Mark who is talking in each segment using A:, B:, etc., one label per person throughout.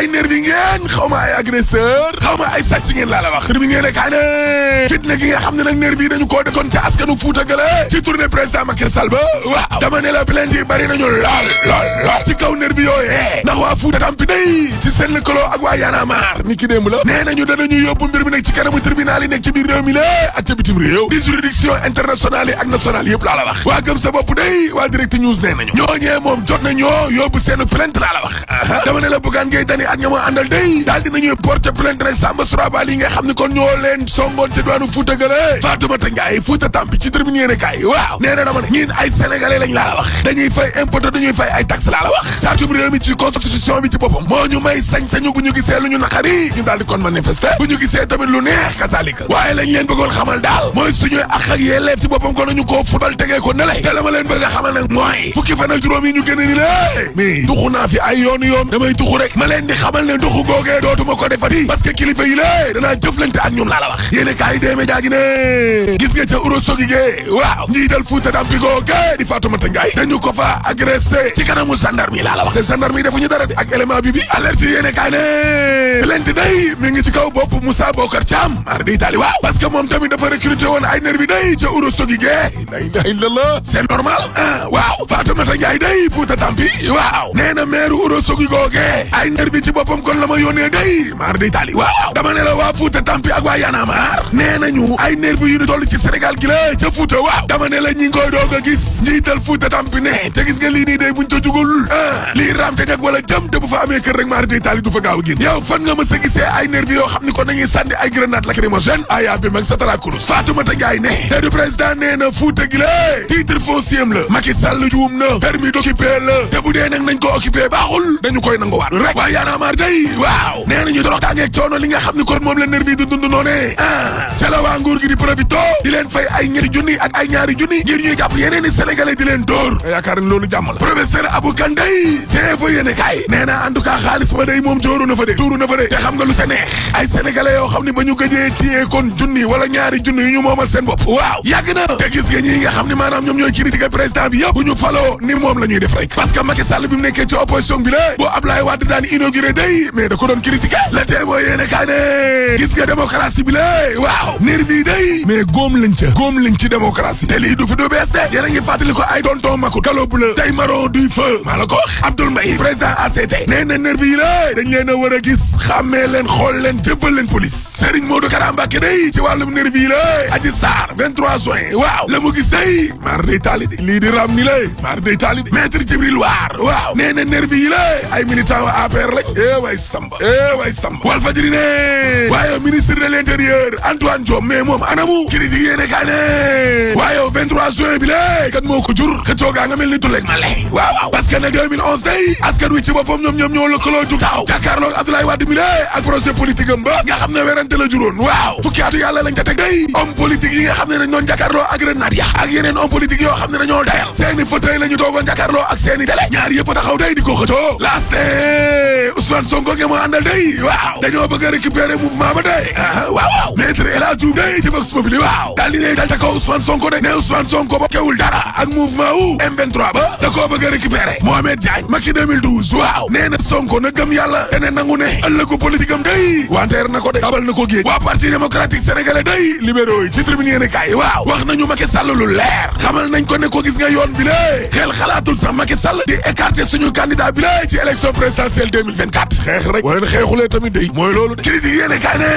A: ay nervi ngeen xaw ma ay agresseur xaw ma ay sàcc laa la wax tribune yéene kaay ne koo dëkkoon ca askanu Fuuta gële ci tournée président Macky Sall ba waaw dama ne la plainte yi bari nañu lool lool waa Fuuta tampi day a marre ni ki démb la laa la wax waa gëm sa bopp waa direct news nee nañu ñooñee moom jot nañoo laa la wax ak ña ma àndal day daal dinañuy porter plainte rek Samba Surabali yi nga xam ne kon ñoo leen songoon ca diwaanu Fuuta gële Fatoumata Ndiaye Fuuta Tampi ci tribune yéene kaay waaw nee na dama ne ñun ay sénégalais lañ laa la wax dañuy fay impôt dañuy fay ay taxes laa la wax caatub réew mi ci constitution bi ci boppam moo ñu may sañ-sañu bu ñu gisee lu ñu naqari ñu daal di kon manifester bu ñu gisee tamit lu neex kasaalika waaye lañ leen bëggoon xamal daal mooy suñuy ak ak yelleef ci boppam ko nañu koo football tegee ko ne lay te la ma leen bëgg a xamal nag mooy fukki fan ak juróom yi ñu génne ni lé mais tuxu naa fi ay yoonu yoon damay tuxu rek ma leen di xamal ne ndoxu googee dootuma ko defati parce que kilifa yi lée danaa jëflante ak ñoom laa la wax yéene kaay déeme jaagi ne gis nga ca Ourossogui gee waaw njiital Fuuta Tampi googee di Fatoumata Ndiaye dañu ko fa agressé ci kanamu gendarme yi la wax te gendarme yi defuñu dara de ak élément bi bi alerte yéene ne plainte day mi ngi ci kaw bopp Moussa Bokar Thiam mar di Italie waaw parce que moom tamit dafa recruté woon ay nervi day ca Ourossogui gee la ilaha illallah c'est normal ah waaw ci boppam kon la ma yónnee day maar day taali waaw dama ne la waa Fuuta tampi ak waa yaanaamaar nee nañu ay nervi yu ñu toll ci Sénégal gi la ca Fuuta waaw dama ne la ñi ngi koy doog a gis njiital Fuuta tampi ne te gis nga lii nii day buñ ca jugul ah, lii raam ca ñag wala jëm te bu fa amee kër rek maar taali du fa gaaw a génn yow fan nga ma gisee ay nervi yoo xam ni kon dañuy sànni ay grenade lacrymogène la titre foncier la Macky Sall juum na permis d'occuper la yaamar waaw nee nañu toroxtaange ak coono li nga xam ne kon moom la nër bi di ah, ca la waa nguur gi di profito di leen fay ay ñetti junni ak ay ñaari junni ngir ñuy jàpp yeneen i sénégalais di leen dóor yaakaar ne loolu jàmm la professeur Abou Kane day ceefa yéene kaay nee na xaalis ba day moom jooru na fa de tuuru na fa de te xam nga lu ca neex ay sénégalais yoo xam ne ba ñu gëjee téyee kon junni wala ñaari junni yu ñu moomal seen bopp ne day mais da ko doon critiqué la témoin yéene kaa ne gis nga démocratie bi lé waaw nervi day mais góom lañ ca góom lañ ci démocratie te lii du fi du bees de ngi fàttali ko ay tonton Macoute Gallo Bleu tey Marron du Feu maa la ko wax ACT nee nervi yi lé dañ leen a war a gis xàmmee leen xool leen jébbal leen police Serigne Modou Kara Mbacké ci wàllum nervi yi lé Adji Sarr juin waaw la mu gis day mar day taali di lii di ram ni lé mar day taali di maître eh way samba eh way samba wal fajiri ne ministre de Antoine Diome mais moom anamu critique yéene kaa ne waaye 23 juin bi le kat moo ko jur xëccoogaa nga mel ni tulleeg ma waaw waaw parce que ne 2011 day askan wi ci boppam ñoom ñoo lëkkaloo jug taaw jàkkaarloog Abdoulaye Wade bi ak projet politique am nga xam ne werante la juróon waaw fukki atu yàlla lañ ca teg day homme yi nga xam ne dañ doon jàkkaarloo ak Renat ya yoo xam ne dañoo dayal Ousmane Sonko ngi a àndal day waaw dañoo bëgg a récupérer mouvement ba day ah, ah, waaw waaw maître El Hadji Diouf day ci Vox Populi waaw daal di ne dal ca kaw Ousmane Sonko de ne Ousmane Sonko ba kewul dara ak mouvement wu M23 ba da koo bëgg a récupérer Mohamed Diagne Macky 2012 waaw nee na Sonko na gëm yàlla te nangu ne ëllëgu politique am day wanteer na ko de tabal na ko géej waa parti démocratique sénégalais day libéraux yi ci tribune waaw wax nañu Macky Sall lu leer xamal nañ 4 xeex rek wala xeexulee tamit day mooy loolu de critique yéene kaay ne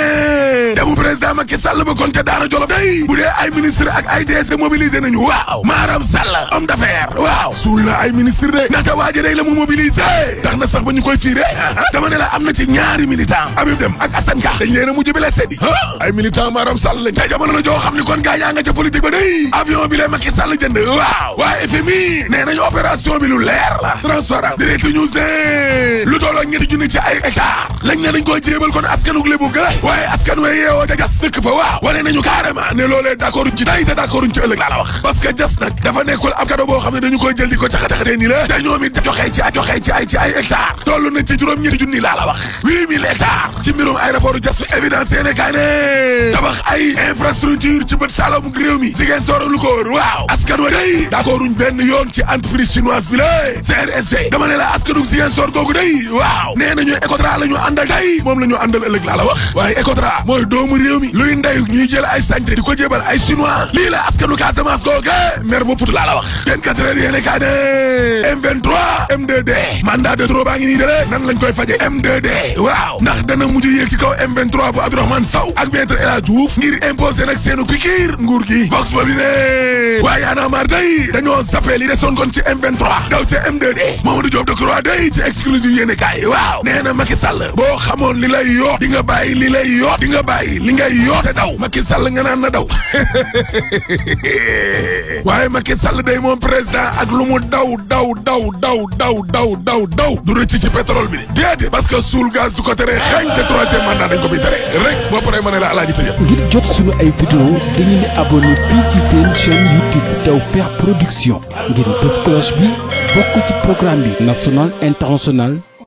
A: ma Macky Sall ba kon ca daara jolof day bu dee ay ministre ak ay DG mobilisé nañu waaw maaram Sall homme d'affaires waaw suul na ay ministre de ndaxte waaji day la mu mobilisé tax na sax ba ñu koy fiire dama ne la am na ci ñaari militant Habib Dem ak Assane Ka dañ leen a mujj bi la seddi ay militant maaram Sall lañ ca jamono la joo xam ni kon gaa ca politique ba day avion bi la Macky jënd waaw waa FMI nee nañu opération bi leer la transparent dëkk fa waaw wane nañu carrément ne loolee d'accord uñ ci tey te ci ëllëg laa wax parce que nag dafa nekkul ab cadeau boo xam ne dañu koy jël ko caxat-caxatee nii la dañoo mi joxee ci ay joxee ci ay ci ay hectares toll na ci juróom-ñetti junni laa la wax huit mille hectares ci mbirum aéroport jas fi évidence yéene tabax ay infrastructure ci bët saalum réew mi Ziguinchor lu ko waaw askan wa day d'accord benn yoon ci entreprise chinoise bi la CRSG dama ne la askanu la ñu àndal tey moom la luy ndeyu ñuy jël ay sañte di ko jébal ay chinois lii la askanu Casamance googe mer bu fut laa la wax 24 heures yéene kaa ne M23 M2D mandat de trop baa ngi nii dale nan lañ koy faje M2D waaw ndax dana mujj yéeg ci kaw M23 bu Abdourahmane Sow ak maître El Hadj Diouf ngir imposer nag seenu pikiir nguur gi box boobu ne waaye yaanaa maar day dañoo zappé li desoon kon ci M23 daw ci a 2 d Mamadou Diop day ci exclusive yéene kaay waaw nee na Macky Sall li lay yoo di nga bàyyi li lay yoo di yoote daw Macky Sall nga naan na daw waaye Macky Sall day moom président ak lu mu daw daw daw daw daw daw daw daw du rëcc ci pétrole bi déedéet parce que suul gaz du ko tere xañ te troisième mandat dañ ko bi tere rek boo paree ma ne la alaaji tëjël ngir jot suñu ay vidéo da ngeen di abonné ci seen chaîne YouTube Tawfekh Production ngeen bés cloche bi bokk ci programme bi national international